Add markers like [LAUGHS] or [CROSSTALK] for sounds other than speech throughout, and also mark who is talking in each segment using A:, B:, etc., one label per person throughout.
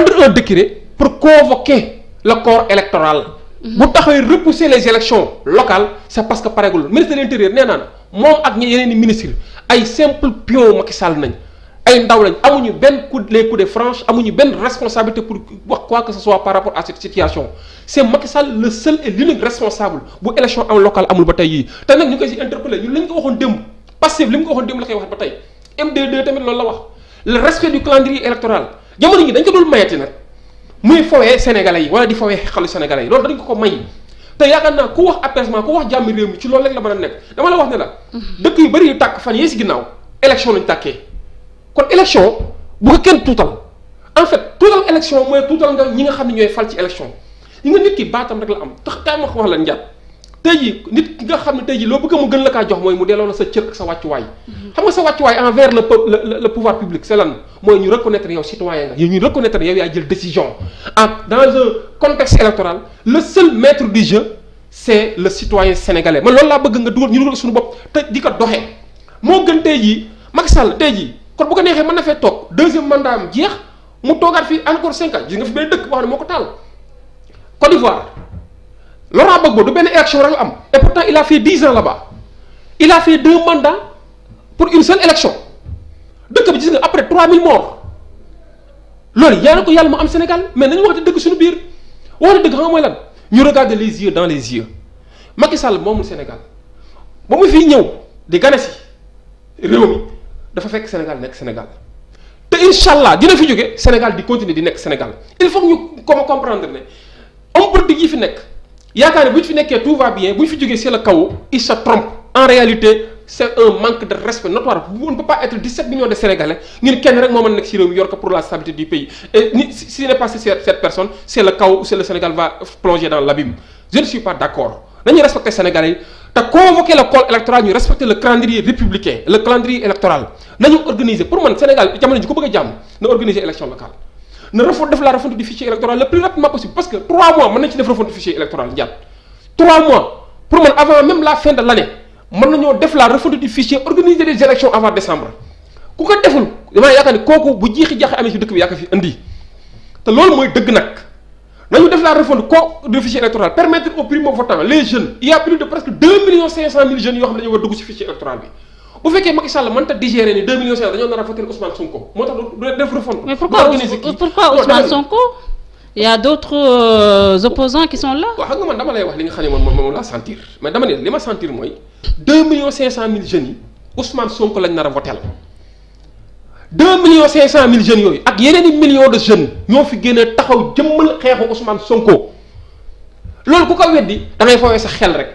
A: rendre un décret pour convoquer le corps électoral. Mhm. bu taxawee repousser les élections locales c'est parce que pareegul ministre de l'intérieur nee naa na moom ak ñi yeneen ministre ay simple pion Macky Sall nañ ay ndaw lañ amuñu benn coup les coups de franche amuñu benn responsabilité pour wax quoi que ce soit par rapport à cette situation c'est Macky Sall le seul et l'unique responsable bu élection am locale amul ba tey yii te nag ñu koy si interpellé ñun lañ ko waxoon démb passif li mu ko waxoon démb la koy wax ba tey jamono ji dañ ko dul mayati nag muy fowee sénégalais yi wala di fowee xalu sénégalais yi loolu dañ ko ko may te yaakaar naa ku wax apaisement ku wax jàmmi réew mi ci loolu rek la mën a nekk dama la wax ne la mhm. dëkk yu bëri yu tàkk fan yee si ginnaaw élection lañu tàkkee kon élection bu ko kenn tuutal en fait tuutal élection mooy tuutal nga ñi nga xam ne ñooy fal ci élection yi nga nit ki baatam rek la am tax kaay ma wax la njàpp tey ji nit ki nga xam ne tey ji loo bëgg mu gën la kaa jox mooy mu delloo la sa cër ak sa wàccuwaay xam nga sa wàccuwaay envers le peuple le pouvoir public c'est lan mooy ñu reconnaître yow citoyen nga yow ñu reconnaître ne yow yaa jël décision ak dans un contexte électoral le seul maître du jeu c'est le citoyen sénégalais man loolu laa bëgg nga dugal ñu dugal suñu bopp te di ko doxee moo gën tey jii Macky Sall tey jii kon bu ko neexee mën na fee toog deuxième mandat am jeex mu toogaat fi encore cinq ans gis dëkk boo xam moo ko taal Côte d'Ivoire Laurent Gbagbo du benn élection rek la am et pourtant il a fait dix ans là-bas il a fait deux pour une seule élection dëkk bi gis nga après trois mille morts loolu yàlla ko yàlla mu am Sénégal mais nañu waxte dëgg suñu biir waxte dëgg xam mooy lan ñu regarder les yeux dans les yeux Macky Sall moomul Sénégal ba mu fi ñëw di gane réew mi dafa fekk Sénégal nekk Sénégal te incha allah dina fi jóge Sénégal di continuer di nekk Sénégal il faut ñu ko comprendre ne homme politique yi fi nekk. yaakaar ne bu ñu fi nekkee tout va bien bu ñu fi jógee c'est le chaos il se en réalité c'est un manque de respect notoire on ne pas être 17 millions de sénégalais ñu kenn rek moo mën nekk ci réew mi pour la stabilité du pays et ni si n'est pas cette personne c'est le chaos c'est le Sénégal va plonger dans l'abîme je ne suis pas d'accord nañu respecter sénégalais yi te convoquer le corps électoral ñu respecter le calendrier républicain le calendrier na refonte def la refonte du fichier électoral le plus rapidement possible parce que 3 mois mën nañ ci def refonte du fichier électoral njàpp 3 mois pour man avant même la fin de l' année nañoo def la refonte du fichier organiser les élections avant décembre ku ko deful damaa yaakaar ni kooku bu jiixi jaaxi amee ci dëkk bi yaa fi indi te loolu mooy dëgg nag nañu def la refonte co du fichier électoral permettre aux primo votants les jeunes il bu fekkee Macky Sall mënta digérer ni 2 millions cinq dañoo nar a voter Ousmane Sonko moo tax du def refonte. mais pourquoi pourquoi Ousmane Sonko. y a d'autres euh, opposants qui sont là. waaw xam nga man dama lay wax li nga xam ne moom moom laa sentir mais dama ne li ma sentir mooy 2 millions cinq cent mille jeunes yi Ousmane Sonko lañ nar a voter la 2 millions cinq cent mille jeunes yooyu ak yeneen i millions de jeunes ñoo fi gën a taxaw jëmmal xeexu Ousmane Sonko loolu ku ko weddi da ngay foowee sa xel rek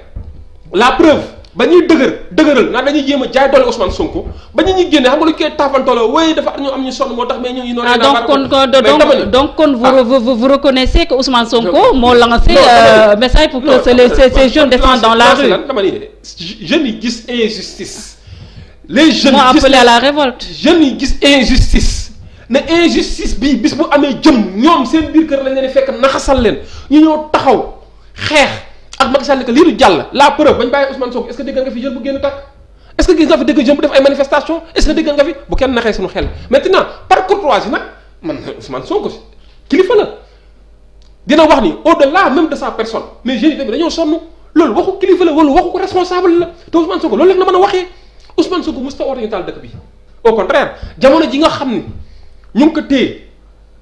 A: la preuve. ba ñuy dëgër dëgëral naan dañu jéem a jaay doole Ousmane Sonko ba ñu ñuy génne xam nga lu ñu koy taafantaloo waaye dafa ñu am ñu sonn moo tax mais ñu ngi noonu. Ah, donc kon donc
B: donc kon vous vous reconnaissez que Ousmane Sonko moo lancé
A: euh, yi gis injustice. les jeunes moo appelé à la révolte. jeunes yi gis injustice. ne injustice bi bis bu amee jëm ñoom seen biir kër lañ leen fekk naxasal leen ñu ñoo taxaw xeex. ak Macky Sall que lii du jàll la preuve bañ bàyyi Ousmane Sonko est-ce que dégg nga fi jeune bu génn tàkk est-ce que gis nga fi dégg bu def ay manifestation est-ce que dégg nga fi bu kenn naxee suñu xel maintenant par courtoisie nag man Ousmane Sonko kilifa la dina wax ni au laa même de sa personne mais jeunes yi dañoo sonn loolu waxu kilifa la wala waxu ko responsable la te Ousmane Sonko loolu rek la mën a waxee Ousmane Sonko mosut a oote ñu taal jamono ji nga xam ni ñu ngi ko téye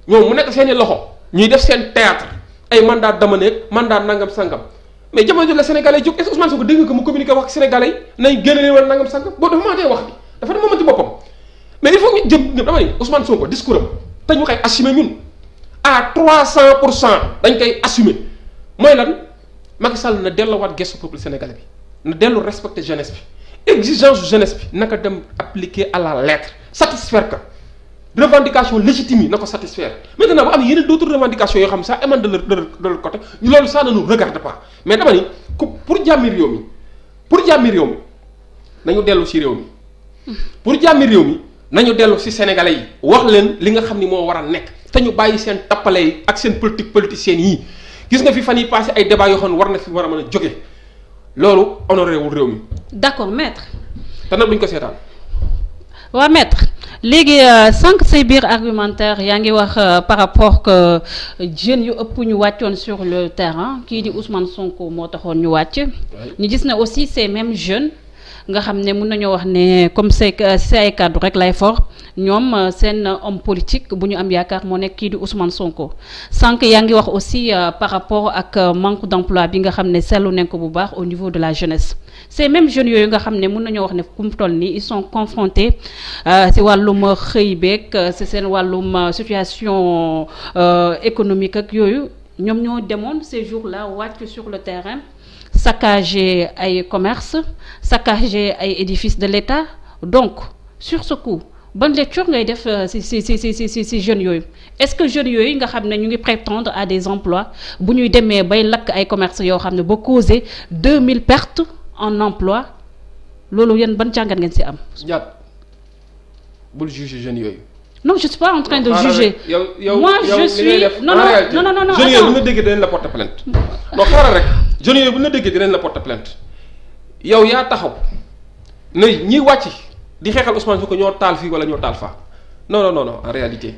A: ñoom mu nekk seen i loxo ñuy def seen théâtre ay mandat dama nekk mandat nangam sangam mais jamono jooju la sénégalais jóg est-ce que Ousmane Sonko dégg nga ko mu communiqué wax sénégalais yi nañ génne leen wala nangam sànq boo dafa dafa ne moomati boppam mais il faut ñu jëm ñëpp dama ne Ousmane te ñu koy assumer ñun à 300 pour cent dañ koy assumer mooy lan Macky Sall na delluwaat gestu peuple sénégal bi na dellu respecter jeunesse bi exigence jeunesse bi naka dem appliquer à la lettre satisfaire que revendication légitime yi na ko satisfaire maintenant bu am yeneen d'autres revendications yoo xam ne ça émane de leur de leur loolu ça ne nous regarde mais dama ni ku pour jàmmi réew mi pour jàmmi réew mi nañu dellu si réew mi pour jàmmi réew mi nañu dellu si sénégalais yi wax leen li nga xam ni moo war a nekk te ñu bàyyi seen tappale ak seen politique politicienne yi gis nga fi fan yi passé ay débats yoo xam ne war na fi war a mën a jóge loolu honoré wul réew mi
B: d'accord maître
A: te nag duñ ko seetaan
B: waa maître léegi euh, sànq say biir argumentaire yaa ngi wax euh, par rapport que euh, jeunes yu ëpp ñu wàccoon sur le terrain kii di Ousmane Sonko moo taxoon ñu wàcc ñu gis ne aussi ces mêmes jeunes nga xam ne mun nañoo wax ne comme ce euh, si ay kàddu rek lay for ñoom euh, seen euh, homme politique bu ñu am yaakaar moo nekk kii di Ousmane Sonko sànq yaa ngi wax aussi par rapport ak manque d'emploi bi nga xam ne seetlu nañ ko bu baax au niveau de la jeunesse ces mêmes jeunes yooyu nga xam ne mun nañoo wax ne kum toll nii ils sont confrontés si wàllum xëy beek si seen wàllum situation économique ak yooyu ñoom ñoo demoon ces jours la wàcc sur le terrain. saccager ay commerce saccager ay édifices de l'État donc sur ce coup ban lecture ngay def ci ci ci ci yooyu est-ce que jeunes yooyu nga xam ne ñu ngi prétendre à des emplois bu ñuy demee bay lakk ay commerce yoo xam ne ba causer 2000 perte en emploi loolu yéen ban jàngat ngeen si am.
A: Ndiaye bul juger jeunes yooyu.
B: non je suis pas en train de juger moi je suis non non non non non. jeunes yooyu bu ñu
A: déggee dañ la porter plainte. non xaaral rek. jeunes yooyu bu ñu la déggee dinañ la porter plainte yow yaa taxaw ne ñiy wàcc di xeexal Ousmane Sonko ñoo taal fi wala ñoo taal faa non non non non en réalité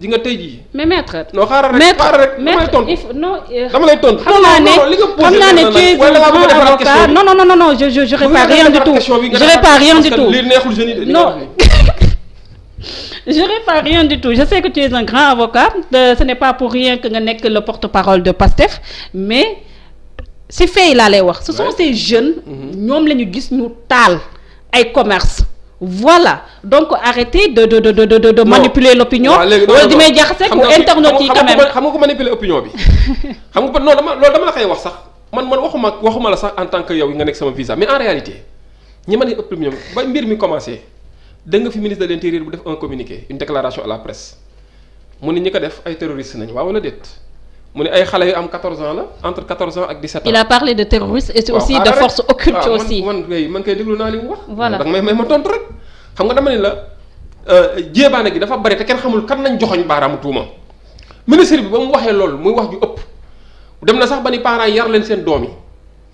A: ji nga tey jii. mais maître. non xaaral rek xaaral rek dama lay tontu
B: euh, dama lay tontu. xam naa ne xam naa ne tu es un avocat non non non non je je je [LAUGHS] répare rien du tout je répare rien du tout lii neexul rien du tout je que tu es un grand avocat euh, ce n'est pas pour rien que nga nekk le porte-parole de PASTEF mais. si fay laa lay wax ce sont ces jeunes mm-hmm. ñoom la ñu gis ñu taal ay commerce voilà donc arrêtez de de de de de de manipuler l'opinion wala di may jaxase pour internet yi quand
A: xam nga ko manipuler opinion bi [LAUGHS] xam nga non dama loolu dama la koy wax sax man man waxuma waxuma la sax en tant que yow nga nekk sama visa mais en réalité ñi mën a opinion ba mbir mi commencé da nga fi ministre de l'intérieur bu def un communiqué une déclaration à la presse ko def ay terroristes nañu waaw wala déet mu ne ay xale yu am 14 ans la entre 14 ans ak 17 ans.
B: il de terrorisme et aussi de force occulte aussi
A: man kay déglu naa li wax. voilà may ma tontu rek. xam nga dama la euh, jéebaane gi dafa bari te kenn xamul kan nañ joxoñ baaraamu tuuma ministre bi ba mu waxee loolu muy wax ju ëpp dem na sax ba ni parents yar leen seen doom yi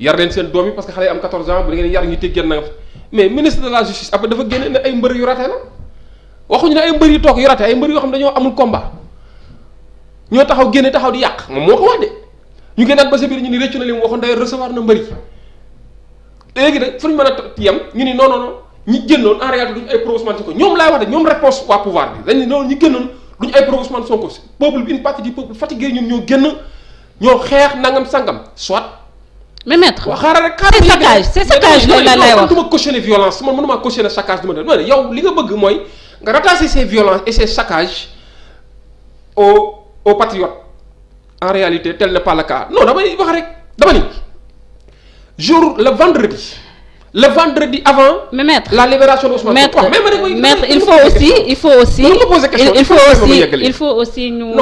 A: yar leen seen doom yi parce que xale yi am 14 ans bu ngeen yar ñu teggeel na nga mais ministre de la justice ne ay mbër yu raté la waxuñu ne ay yu toog yu raté yoo xam dañoo amul combat. ñoo taxaw génne taxaw di yàq moom moo ko wax de ñu génnaat ba sa biir ñu ni rëccu na li mu waxoon day recevoir na mbëri léegi nag fu ñu mën a yem ñu ni non non non ñi génnoon en réalité duñ ay pro Ousmane Sonko ñoom laay wax de ñoom réponse waa pouvoir bi dañ ne noonu ñi génnoon duñ ay pro une partie du peuple fatigué ñoo génn ñoo xeex nangam sangam soit. mais maître waaw xaaral rek xaaral c'est saccage c'est saccage loolu la lay wax du ma cautionner violence man mënuma cautionner saccage du ma def ma yow li nga bëgg mooy nga rattacher ces violences aux patriotes en réalité tel n'est pas le cas non damay wax rek dama ni jour le vendredi avant. la libération de Ousmane il faut aussi il faut aussi. il
B: faut aussi il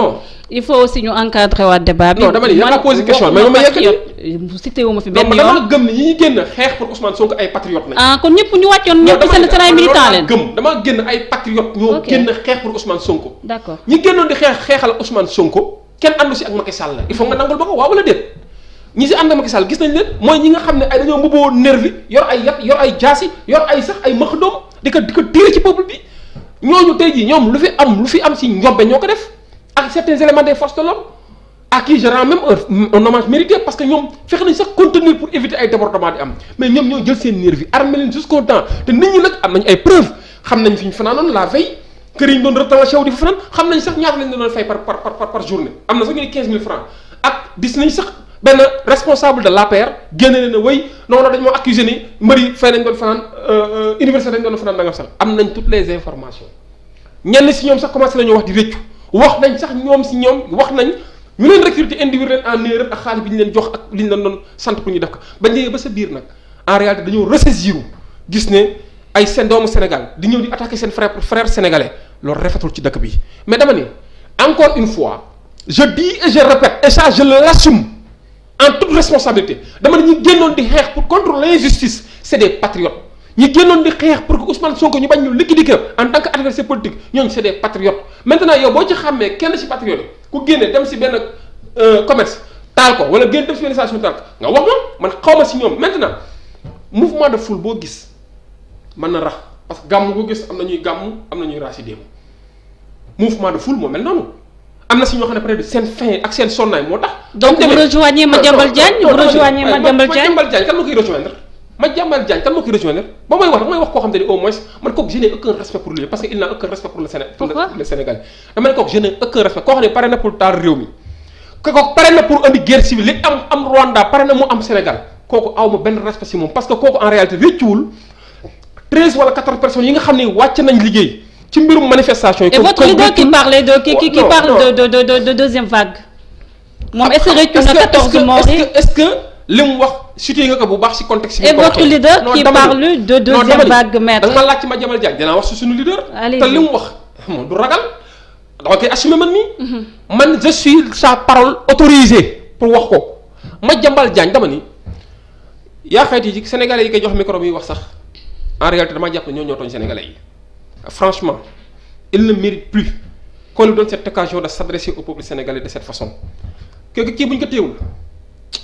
B: il faut aussi ñu
A: encadrer waat débat bi. non dama ni yaa ma posé question mais ma
B: yeggali. cité wu ma fi benn yoon dama
A: gëm ni ñi génn xeex pour Ousmane Sonko ay patriote lañ. ah kon ñëpp nañ mooy ñi nga xam ne ay dañoo mbubboo nervi yor ay yat yor ay jaasi yor ay ko di ko tiire ci peuple bi ñooñu tey jii ñoom lu fi am lu fi am si njombe ñoo ko def ak certains éléments des forces de l'ordre à qui je rends même un hommage mérité parce que ñoom fexe nañ sax contenir pour éviter ay débordement di am mais ñoom ñoo jël seen nervi armé leen jusqu'au te nit ñi nag am nañ ay preuves xam nañ fi ñu fanaanoon la veille kër yi doon retranché wu di fa fanaan xam nañ sax ñaata lañ doon fay par par par journée am na sax ñu ne 15000 francs ak gis nañ sax benn responsable de l'APR génne leen a euh, euh, wax wax nañ sax ñoom si ñoom wax nañ ñu leen recruter induire leen en erreur ak xaalis bi ñu leen jox ak li ñu leen doon sant pour ñu def ko bañ léegi ba sa biir nag en réalité dañoo ressaisir gis ne ay seen Sénégal di ñëw di attaquer seen frère frère sénégalais loolu rafetul ci dëkk bi mais dama ne encore une fois je dis et je répète et ça je l'assume en toute responsabilité dama ne ñu génnoon di xeex pour contre l'injustice c'est des patriotes ñi génnoon di xeex pour que Ousmane Sonko ñu bañ ñu liquider en tant que adversaire politique ñooñu c'est des patriotes yow boo ci xàmmee kenn ci patriote ku génne dem ci benn euh, commerce taal ko wala génn dem ci benn station taal ko nga wax ma man xaw ma ci ñoom maintenant mouvement de foule boo gis man na rax parce que gàmm ko gis am na ñuy gàmm am na ñuy raasi démb mouvement de foule moo mel noonu. am na si ñoo xam ne peut-être seen fin ak seen sonnaay Madiambal Diagne kan moo koy région ba may wax damay wax koo xam te ne au moins man kooku je n'ai respect pour lui parce que il n'a aucun respect pour le Sénégal. pourquoi ne kooku je n'ai respect koo xam ne pare na pour taal réew mi. que kooku pare na pour andi guerre civile li am am Rwanda pare na mu am Sénégal kooku aw benn respect si moom parce que kooku en réalité wéccuwul treize wala quatorze personnes yi nga xam ne wàcc nañ liggéey mu wax. cité nga ko bu baax si contexte. bi ko waxee et votre leader qui parle de deuxième vague
B: maître. da nga ma laaj ci
A: Madiambal Diagne dinaa wax si suñu leader. te li mu wax moom du ragal. dama koy assumer man nii. man je suis sa parole autorisée pour wax ko ma jambal Diagne dama ni yaa xayti ji sénégalais yi koy jox micro bi wax sax en réalité damaa jàpp ne ñoo ñoo tooñ sénégalais yi. franchement il ne mérite plus qu'on lui donne cette occasion de s'adresser au peuple sénégalais de cette façon bu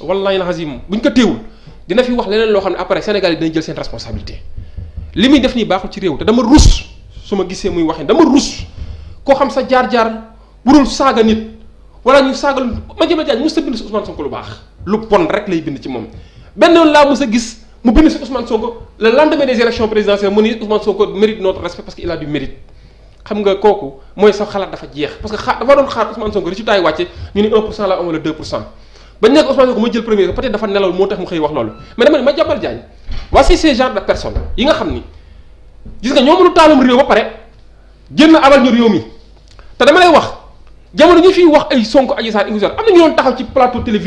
A: wallahi bu buñ ko téewul dina fi wax leneen loo xam ne après Sénégal yi dina jël seen responsabilité li muy def nii baaxul ci réew te dama rus su ma gisee muy waxee dama rus koo xam sa jaar-jaar burul saaga nit wala ñu saaga lu ma jëma jaaj mos sa bind si Ousmane Sonko lu baax lu bon rek lay bind ci moom benn yoon laa mos a gis mu bind si Ousmane Sonko le lendemain des élections présidentielles mu ni Ousmane Sonko mérite notre respect parce a du mérite xam nga kooku bañ nekk Ousmane Sonko mooy jël premier peut-être dafa nelaw moo tax mu xëy wax loolu mais dama ne Madiambal Diagne voici ces genre de personnes yi nga xam ni gis nga ñoo mënu taalum réew ba pare génn abal ñu réew mi te dama lay wax jamono ñu fiy wax ay Sonko Adji Sarr am na ñu doon taxaw ci plateau télévision